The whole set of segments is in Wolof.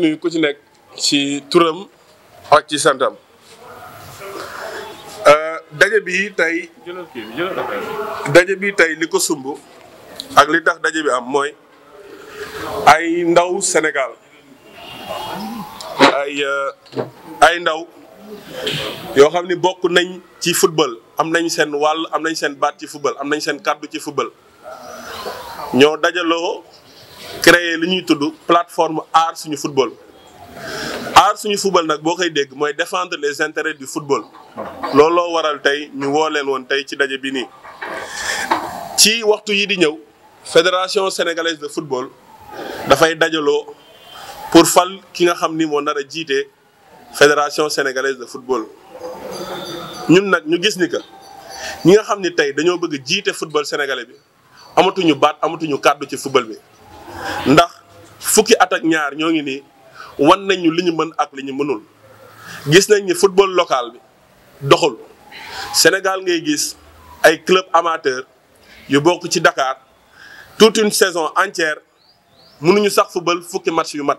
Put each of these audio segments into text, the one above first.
nuyu ku ci nekk ci turam ak ci santam euh, daje bi tey daje bi tey li ko sumb ak li tax daje bi am mooy ay ndaw Sénégal euh, ay ndaw yoo xam ni bokk nañ ci football am nañ seen wàll am nañ seen baat ci football am nañ seen kàddu ci football ñoo dajaloo créer li ñuy tudd plateforme aar suñu football aar suñu football nag boo koy dégg mooy défendre les intérêts du football looloo waral tey ñu woo leen woon tey ci daje bi nii ci waxtu yi di ñëw fédération sénégalaise de football dafay dajaloo pour fal ki nga xam ni moo nar a jiite fédération sénégalaise de football ñun nag ñu gis ni que ñi nga xam ni tey dañoo bëgg jiite football sénégalais bi amatuñu baat amatuñu kàddu ci football bi ndax fukki at ak ñaar ñoo ngi nii wan nañ ñu mën ak li ñu mënul gis nañ ni football local bi doxul Sénégal ngay gis ay club amateur yu bokk ci dakaar tout une saison entière mënuñu sax football fukki match yu mat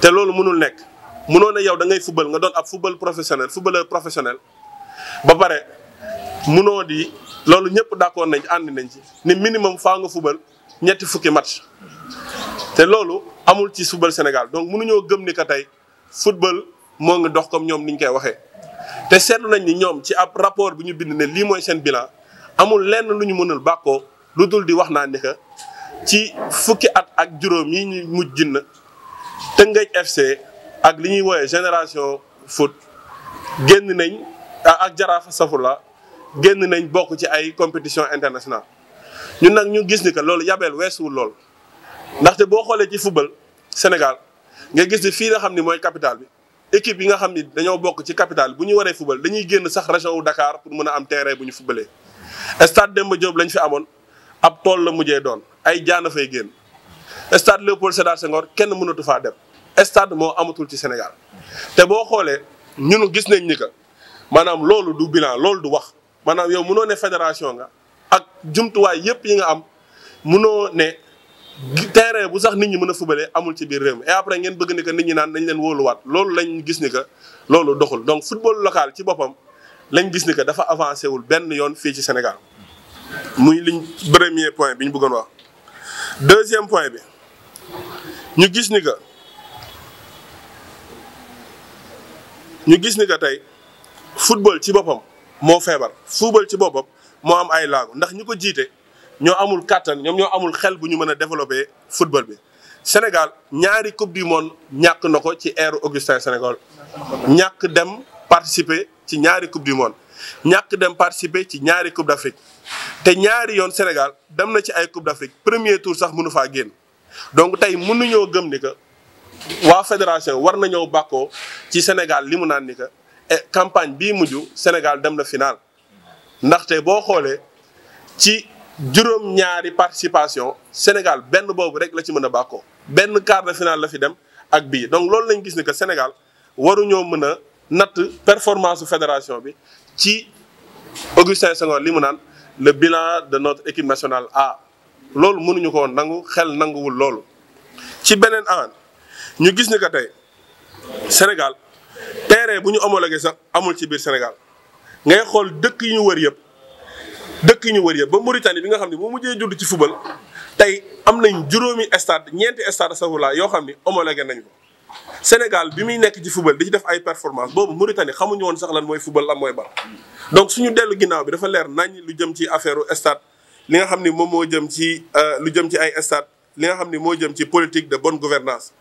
te loolu mënul nekk mënoon na yow da ngay football nga doon ab football professionnel footballeur professionnel ba pare mënoo di loolu ñëpp d'accord nañ ànd nañ ci ni minimum faa nga football ñetti fukki match te loolu amul ci football Sénégal donc mënuñoo gëm ni que tey football moo ngi dox comme ñoom ni ñu koy waxee. te seetlu nañ ni ñoom ci ab rapport bi ñu bind ne lii mooy seen bilan amul lenn lu ñu mënul bàkkoo lu dul di wax naa ni que ci fukki at ak juróom yi ñu mujj na Tëngéej FC ak li ñuy woowee génération foot génn nañ ak jaraaf safula génn nañ bokk ci ay compétition internationale ñun nag ñu gis ni que loolu yabeel weesuwul lool ndaxte boo xoolee ci football Sénégal nga gis ni fii nga xam ni mooy capital bi équipe yi nga xam ni dañoo bokk ci capitale bu ñu waree football dañuy génn sax région wu Dakar pour mën a am terrain bu ñu footballee. stade Demba Diop lañ fi amoon ab tool la mujjee doon ay jaana fay génn stade Léopold Sédar Senghor kenn mënatu faa dem stade moo amatul ci Sénégal te boo xoolee ñun gis nañ ni que maanaam loolu du bilan loolu du wax maanaam yow mënoo ne fédération nga. jumtuwaay yëpp yi nga am munoo ne terrain bu sax nit ñi mën a fubalee amul ci biir réew mi et après ngeen bëgg ni que nit ñi naan nañ leen wóoluwaat loolu lañ gis ni que loolu doxul donc football local ci boppam lañ gis ni que dafa avancé wul benn yoon fii ci senegal muy liñ premier point bi ñu bëggoon wax. deuxième point bi ñu gis ni que ñu gis ni que tey football ci boppam moo feebar football ci boppam. moo am ay laago ndax ñi ko jiite ñoo amul kàttan ñoom ñoo amul xel bu ñu mën a développer football bi. Sénégal ñaari coupe du monde ñàkk na ko ci ère Augustin Sénégal ñàkk dem participer ci ñaari coupe du monde ñàkk dem participer ci ñaari coupe d'Afrique te ñaari yoon Sénégal dem na ci ay coupe d'Afrique premier tour sax mënu faa génn donc tey mënuñoo gëm ni que waa fédération war na nañoo bàkkoo ci Sénégal li mu naan ni que eh, campagne bii mujj Sénégal dem na final. ndaxte boo xoolee ci juróom-ñaari participation Sénégal benn boobu rek la ci mën a bàkkoo benn quart de la fi dem ak bii donc loolu lañ gis ni que Sénégal waruñoo mën a natt performance fédération bi ci Augustin Senghor li mu naan le bilan de notre équipe nationale A loolu mënuñu ko nangu xel nanguwul loolu ci beneen an ñu gis ni que tey Sénégal terrain bu ñu homologué sax amul ci biir Sénégal ngay xool dëkk yi ñu wër yëpp dëkk yi ñu wër yëpp ba Mauritanie bi nga xam ne moo mujjee judd ci football tey am nañ juróomi stade ñeenti stade sahula yoo xam ni homologué nañ ko Sénégal bi muy nekk ci football di ci def ay performance boobu Mauritanie xamuñu woon sax lan mooy football lan mooy bal donc suñu dellu ginnaaw bi dafa leer nañ lu jëm ci affaire stade li nga xam ni moom moo jëm ci euh, lu jëm ci ay stade li nga xam ni moo jëm ci politique de bonne gouvernance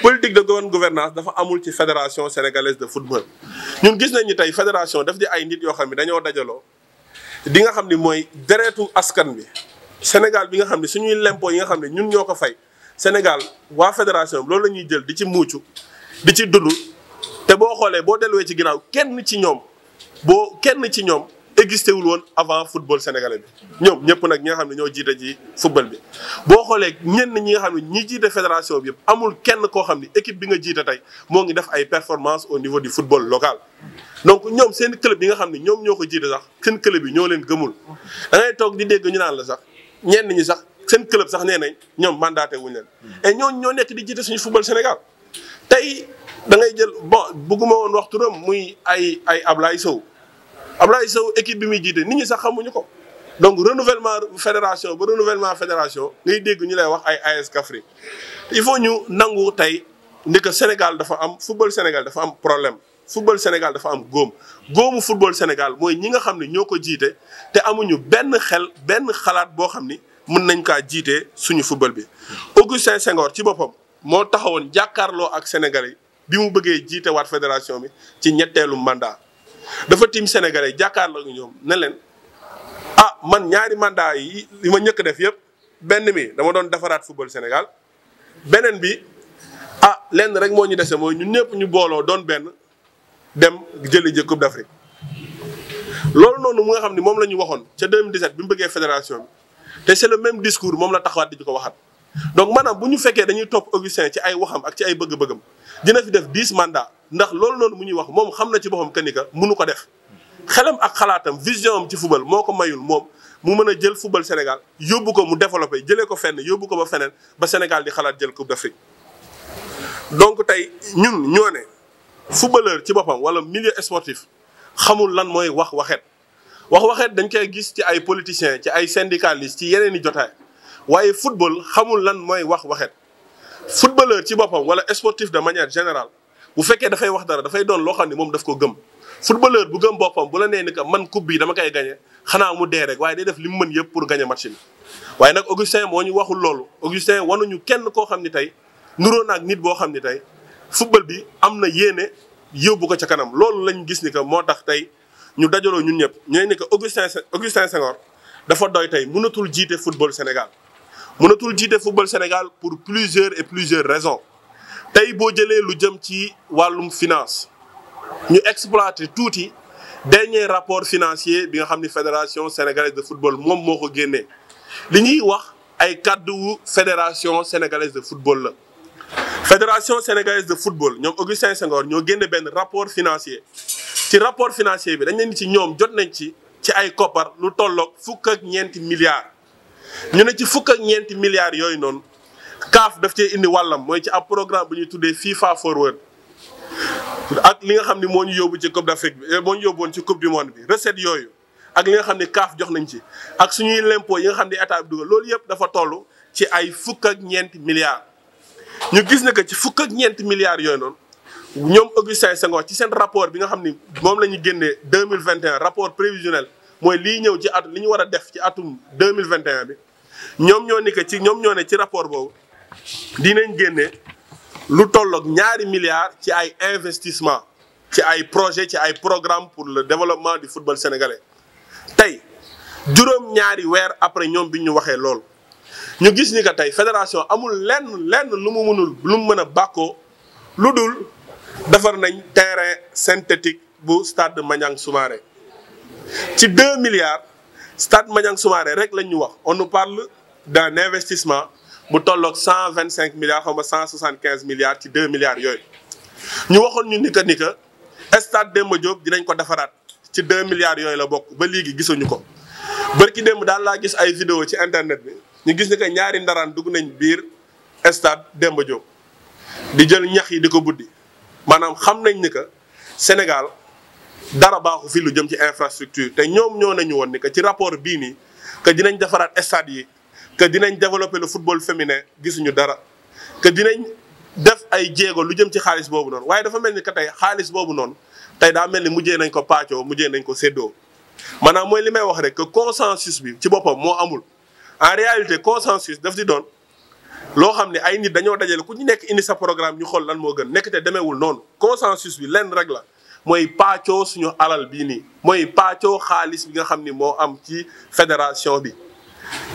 politique de bonne gouvernance dafa amul ci fédération sénégalaise de football ñun gis nañ ni tey fédération def di ay nit yoo xam ne dañoo dajaloo di nga xam ni mooy deretu askan bi Sénégal bi nga xam ne suñuy lempo yi nga xam ne ñun ñoo ko fay Sénégal waa fédération loolu la ñuy jël di ci muucu di ci dudd te boo xoolee boo delluwee ci ginnaaw kenn ci ñoom boo kenn ci ñoom. existé wul woon avant football sénégalais bi ñoom ñëpp nag ñi nga xam ne ñoo jiite ji football bi. boo xoolee ñenn ñi nga xam ne ñi jiite fédération bi yëpp amul kenn koo xam ne équipe bi nga jiite tey moo ngi def ay performance au niveau du football local. donc ñoom seen club yi nga xam ne ñoom ñoo ko jiite sax seen club yi ñoo leen gëmul da toog di dégg ñu naan la sax ñenn ñi sax seen club sax nee nañ ñoom mandaate wuñ leen. et ñoo nekk di jiite suñu football Sénégal tey da ngay jël bon bëgguma woon waxturam muy ay ay Ablaye Sow. Abdoulaye Sow équipe bi muy jiite ni ñi sax xamuñu ko donc renouvellement fédération ba renouvellement fédération ngay dégg ñu lay wax ay AS Kaffrine il faut ñu nangu tey ni que Sénégal dafa am football Sénégal dafa am problème football Sénégal dafa am góom góomu football Sénégal mooy ñi nga xam ne ñoo ko jiite te amuñu benn xel benn xalaat boo xam ni mën nañ kaa jiite suñu football bi. Augustin Senghor ci boppam moo taxawoon jàkkaarloo ak Sénégal bi mu bëggee jiite waat fédération bi ci ñetteelu mandat. dafa tiim sénégalais jàkkaarloo ak ñoom ne leen ah man ñaari mandat yi li ma ñëkk def yëpp benn mi dama doon defaraat football Sénégal beneen bi ah lenn rek moo ñu dese mooy ñun ñëpp ñu booloo doon benn dem jëli ji Coupe d'Afrique loolu noonu mu nga xam ni moom la ñu waxoon ca 2017 bi mu bëggee fédération bi te c'est le même discours moom la taxawaat di ko waxaat donc maanaam bu ñu fekkee dañuy topp Augustin ci ay waxam ak ci ay bëgg-bëggam dina fi def 10 mandats ndax loolu loolu mu ñuy wax moom xam na ci boppam que ni ka ko def xelam ak xalaatam vision am ci football moo ko mayul moom mu mën a jël football Sénégal yóbbu ko mu développé jëlee ko fenn yóbbu ko ba feneen ba Sénégal di xalaat jël coupe d'Afrique donc tey ñun ñoo ne footballeur ci boppam wala milieu sportif xamul lan mooy wax waxet wax waxet dañ koy gis ci ay politiciens ci ay syndicalistes ci yeneen i jotaay waaye football xamul lan mooy wax waxet footballeur ci boppam wala sportif de manière générale bu fekkee dafay wax dara dafay doon loo xam ne moom daf ko gëm footballeur bu gëm boppam bu la nee ni que man coupe bi dama koy gagné xanaa mu dee rek waaye day def li mu mën yëpp pour gagné match bi. waaye nag Augustin moo ñu waxul loolu Augustin wanuñu kenn koo xam ni tey nuroo naag nit boo xam ni tey football bi am na yéene yóbbu ko ca kanam loolu lañ gis ni que moo tax tey ñu dajaloo ñun ñëpp ñooy ni que Augustin Augustin Senghor dafa doy tey mënatul jiite football Sénégal mënatul jiite football Sénégal pour plusieurs et plusieurs raisons. tey boo jëlee lu jëm ci wàllum finance ñu exploité tuuti dernier rapport financier bi nga xam ni fédération sénégalaise de football moom moo ko génnee li ñuy wax ay kàdduwu fédération sénégalaise de football la. fédération sénégalaise de football ñoom Augustin Senghor ñoo génne benn rapport financier ci rapport financier bi dañ leen ci ñoom jot nañ ci ci ay koppar lu tolloog fukk ak ñeenti milliards ñu ne ci fukk ak ñeenti milliards yooyu noonu. CAF daf cee indi wàllam mooy ci ab programme bu ñuy tuddee FIFA Forward ak li nga xam ni moo ñu yóbbu ci Coupe d'Afrique bi moo ñu yóbbuwoon ci Coupe du Monde bi recette yooyu ak li nga xam ne CAF jox nañ ci ak suñuy lempo yi nga xam ne état bi dugal loolu yëpp dafa toll ci ay fukk ak ñeenti milliards. ñu gis ne que ci fukk ak ñeenti milliards yooyu noonu ñoom Augustin Senghor ci seen rapport bi nga xam ni moom la ñu génnee deux mille vingt et rapport prévisionnel mooy lii ñëw ci atum li ñu war a def ci atum deux mille vingt et bi ñoom ñoo ni ci ñoom ñoo ne ci rapport boobu. dinañ génne lu tolloog ñaari milliards ci ay investissement ci ay projet ci ay programme pour le développement du football sénégalais tey juróom-ñaari weer après ñoom bi ñu waxee loolu ñu gis ni que tey fédération amul lenn lenn lu mu mënul lu mu mën a bàkkoo lu dul defar nañ terrain synthétique bu stade Maniang Soumaré ci deux milliards stade mañang Soumaré rek lañ ñu wax on nous parle d'un investissement bu tolloog cent vingt cinq milliards xaw ma cent soixante quinze milliards ci deux milliards yooyu. ñu waxoon ñu ni que ni que stade Demba Diop dinañ ko defaraat ci deux milliards yooyu la bokk ba léegi gisuñu ko bërki démb daal laa gis ay vidéo ci internet bi ñu gis ni que ñaari ndaraan dugg nañ biir stade Demba Diop di jël ñax yi di ko buddi maanaam xam nañ ni que Sénégal dara baaxu fi lu jëm ci infrastructure te ñoom ñoo nañu woon ni que ci rapport bii nii que dinañ defaraat stade yi que dinañ développer le football féminin gisuñu dara que dinañ def ay jéego lu jëm ci xaalis boobu noonu waaye dafa mel ni que tey xaalis boobu noonu tey daa mel ni mujjee nañ ko paacoo mujjee nañ ko séddoo maanaam mooy li may wax rek que consensus bi ci boppam moo amul en réalité consensus daf di doon loo xam ne ay nit dañoo dajale ku ñu nekk indi sa programme ñu xool lan moo gën nekk te demeewul noonu consensus bi lenn rek la mooy paacoo suñu alal bii nii mooy paacoo xaalis bi nga xam ni moo am ci fédération bi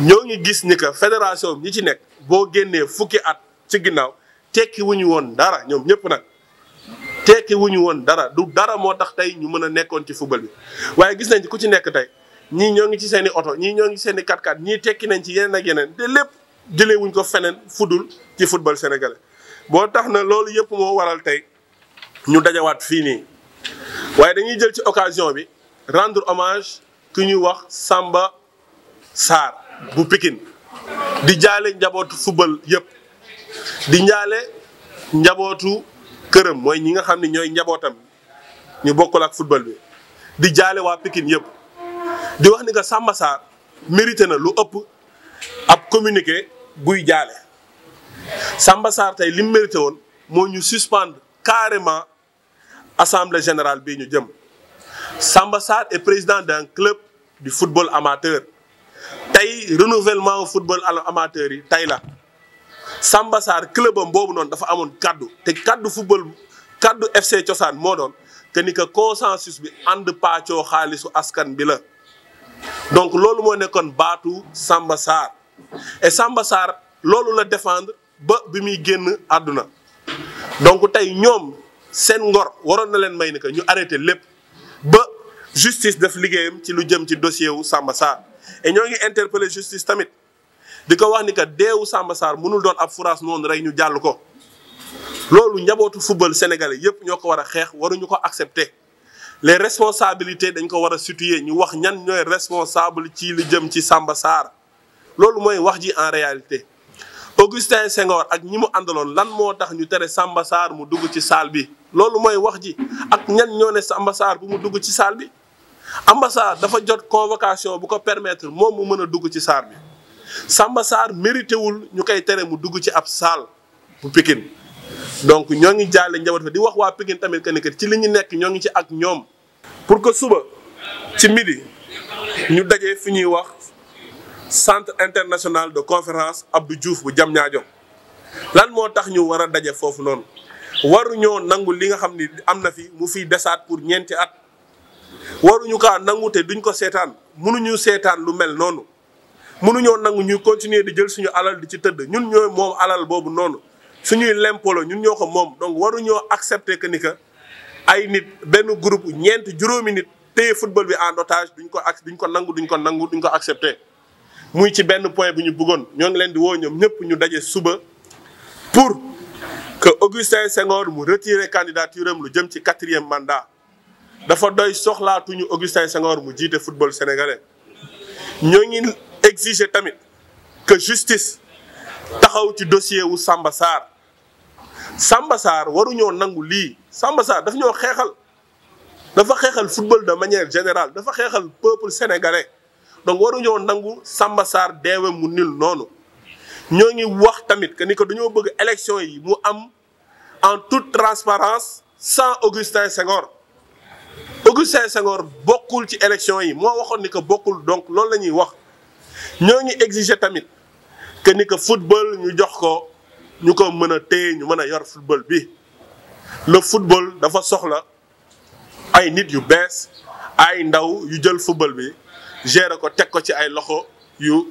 ñoo ngi gis ni que fédération bi ñi ci nekk boo génnee fukki at ci ginnaaw tekki wuñu woon dara ñoom ñëpp nag tekki wuñu woon dara du dara moo tax tey ñu mën a nekkoon ci football bi waaye gis nañ ci ku ci nekk tey ñii ñoo ngi ci seen i oto ñii ñoo ngi ci seen i 4 ñii tekki nañ ci yeneen ak yeneen te lépp jëlee wuñ ko feneen fu dul ci football sénégalais boo tax na loolu yëpp moo waral tey ñu dajawaat fii nii waaye dañuy jël ci occasion bi rendre hommage ki ñuy wax Samba Sarr bu pikin di jaale njabootu football yëpp di jaale njabootu këram mooy ñi nga xam ni ñooy njabootam ñu bokkul ak football bi di jaale waa pikin yëpp di wax ni que Samba Sarr na lu ëpp ab communiqué buy jaale Samba tey lim mu mérité woon moo ñu suspendre carrément assemblée générale bii ñu jëm Samba Sarr est président d'un club di football amateur tey renouvellement football amateur yi tey la Samba Sarr club boobu noonu dafa amoon kàddu te kàddu football kàddu FC Cosaan moo doon que ni que consensus bi ànd paccoo xaalisu askan bi la donc loolu moo nekkoon baatu Samba Sarr et Samba Sarr loolu la defendre ba bi muy génn àdduna donc tey ñoom seen ngor waroon na leen may ni que ñu arrêté lépp ba justice def liggéeyam ci lu jëm ci dossier wu Samba Sarr et ñoo ngi interpellé justice tamit di ko wax ni que deewu Samba saar mënul doon ab furaas noonu rek ñu jàll ko loolu njabootu football sénégalais yépp ñoo ko war a xeex waruñu ko accepté les responsabilité dañ ko war a situer ñu wax ñan ñooy responsable ci li jëm ci sàmba saar loolu mooy wax ji en réalité Augustin Senghor ak ñi mu àndaloon lan moo tax ñu tere sàmba saar mu dugg ci saal bi loolu mooy wax ji ak ñan ñoo ne Samba saar bu mu dugg ci saal bi ambassade dafa jot convocation bu ko permettre moom mu mën a dugg ci saar bi Samba Sarr mérité wul ñu koy tere mu dugg ci ab saal bu Pikine donc ñoo ngi jaale njaboot fa di wax waa Pikine tamit que ni ci li ñu nekk ñoo ngi ci ak ñoom. pour que suba ci midi ñu dajee fi ñuy wax centre international de conférence Abdou Diouf bu jam ñaajo lan moo tax ñu war a daje foofu noonu waru waruñoo nangu li nga xam ni am na fi mu fiy desaat pour ñeenti at. waruñu kaa nangu te duñ ko seetaan mënuñu seetaan lu mel noonu mënuñoo nangu ñuy continuer di jël suñu alal di ci tëdd ñun ñooy moom alal boobu noonu suñuy lempolo ñun ñoo ko moom donc waruñoo accepter que ni que ay nit benn groupe ñeent juróomi nit te football bi en otage duñ ko ak duñ ko nangu duñ ko nangu duñ ko accepter. muy ci benn point bu ñu bëggoon ñoo ngi leen di woo ñoom ñëpp ñu daje suba pour que Augustin Senghor mu retirer candidature am lu jëm ci quatrième mandat. dafa doy soxlaatuñu Augustin Senghor mu jiite football sénégalais ñoo ngi exiger tamit que justice taxaw ci dossier wu Samba sambasaar Samba Sarr waruñoo nangu lii Samba Sarr daf ñoo xeexal dafa xeexal football de manière générale dafa xeexal peuple sénégalais donc waruñoo nangu Samba Sarr mu nil noonu ñoo ngi wax tamit que ni ko dañoo bëgg élection yi mu am en toute transparence sans Augustin Senghor Augustin Senghor bokkul ci élection yi moo waxoon ni que bokkul donc loolu la ñuy wax ñoo ngi exiger tamit que ni que football ñu jox ko ñu ko mën a téye ñu mën a yor football bi le football dafa soxla ay nit yu bees ay ndaw yu jël football bi gérer ko teg ko ci ay loxo yu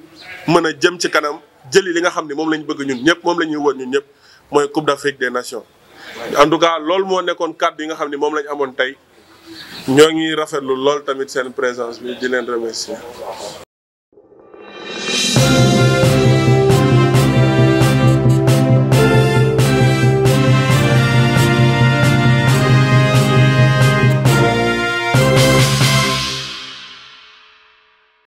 mën a jëm ci kanam jëli li nga xam ni moom la bëgg ñun ñëpp moom la ñuy woon ñëpp mooy Coupe d'Afrique des Nations en tout cas loolu moo nekkoon kàddu yi nga xam ne moom la amoon tey ñoo ngi rafetlu lool tamit seen présence bi di leen remercier.